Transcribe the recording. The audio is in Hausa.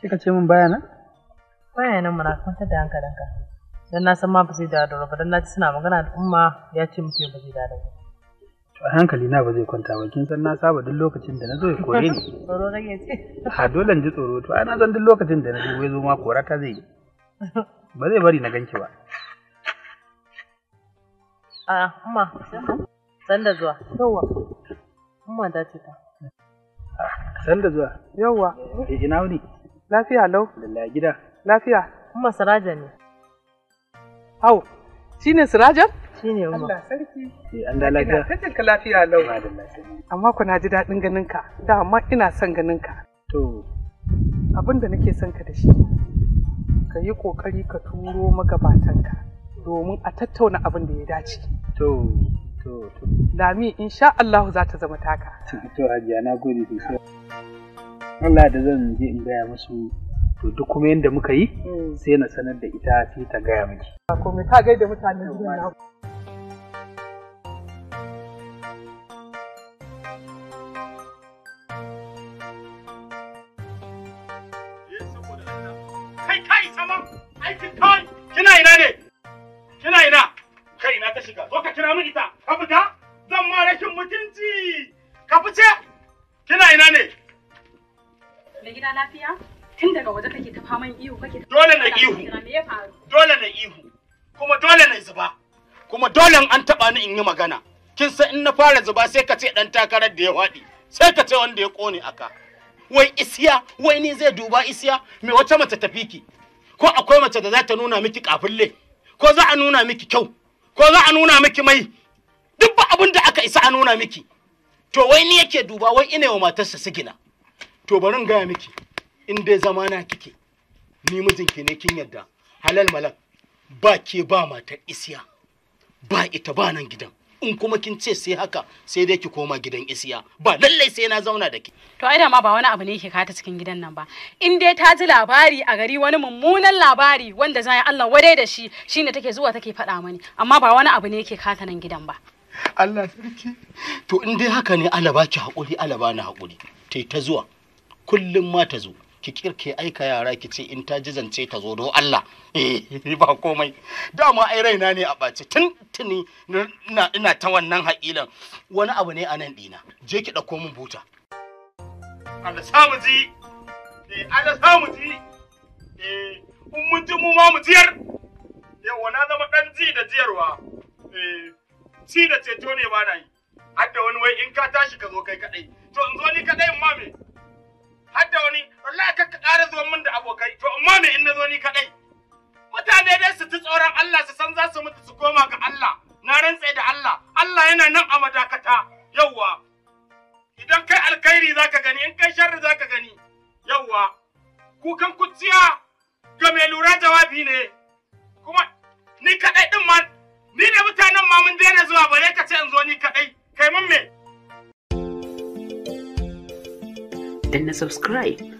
Kika ce min baya nan? Baya nan mana kwantar da hankalinka. Dan na san ma ba zai dawo ba dan na ci suna magana da umma ya ce muke ba zai dawo To To hankali na ba zai kwanta ba kin san na saba duk lokacin da na zo ya kore ni. Tsoro rage ce. Ha dole in ji tsoro to ai na san duk lokacin da na zo ya zo ma kora ta zai yi. Ba zai bari na ganki ba. A umma san da zuwa. Yawwa. Umma ta ce ta. San da zuwa. Yawwa. Eh, ina wuni? Lafiya lau. Lalla gida. Lafiya. Umma Sirajan ne. Hau, shi ne Sirajan? Shi ne Umma. Allah sarki. An da lafiya. Ta ka lafiya lau. Amma ku na ji daɗin ganin ka. Da amma ina son ganin ka. To. Abin da nake son ka da shi. Ka yi ƙoƙari ka turo magabatanka domin a tattauna abin da ya dace. To. To. Lami, insha Allah za ta zama taka. To, Hajiya, na gode sosai. Allah da zan je in gaya musu to duk kuma yadda muka yi hmm. sai na sanar da ita sai ta gaya miki. Komai ka gaida mutane gidan eh, Kai kai sama aikin kawai kina ina ne? gida lafiya? Tun daga waje kake ta faman ihu kake ta Dole na ihu. Dole na ihu. Kuma dole na zuba. Kuma dole an taba ni in yi magana. Kin san in na fara zuba sai ka ce dan takarar da ya waɗi. Sai ka ce wanda ya kone aka. Wai isiya, wai ni zai duba isiya, me wace mace tafi ki? Ko akwai mace da za ta nuna miki kafulle? Ko za a nuna miki kyau? Ko za a nuna miki mai? Duk ba abin da aka isa a nuna miki. To wai ni yake duba wai ina wa matarsa sigina. to bari in gaya miki in dai zamana kike ni mijinki ne kin yadda halal malak ba ke ba mata isiya ba ita ba nan gidan in kuma kin ce sai haka sai dai ki koma gidan isiya ba lallai sai na zauna da ki to ai ma ba wani abu ne yake kata cikin gidan nan ba in dai ta ji labari a gari wani mummunan labari wanda zai Allah wadai da shi shine take zuwa take faɗa mani amma ba wani abu ne yake kata nan gidan ba Allah sarki to in dai haka ne Allah ba ki haƙuri Allah ba ni haƙuri tai ta zuwa kullum ma ta zo ki kirke aika yara ki ce in ta ji zance ta zo do Allah eh ba komai dama ai raina ne a ɓace tun tuni ina ina ta wannan haƙilan wani abu ne a nan dina je ki ɗauko min buta Allah samu ji eh Allah samu ji eh in mun ji mu ma mu jiyar yawa na zama dan ji da jiyarwa eh ci da ceto ne ba na yi hadda wani wai in ka tashi ka zo kai kaɗai. to in zo ni abokai to amma me in nazo ni kadai mutane dai su ci tsoron Allah su san za su mutu su koma ga Allah na rantse da Allah Allah yana nan a madakata yawwa idan kai alkhairi zaka gani in kai sharri zaka gani yawwa kukan kuciya ga mai lura jawabi ne kuma ni kadai din ma ni da mutanen ma mun daina zuwa bare ka ce in zo ni kadai kai mun me Then subscribe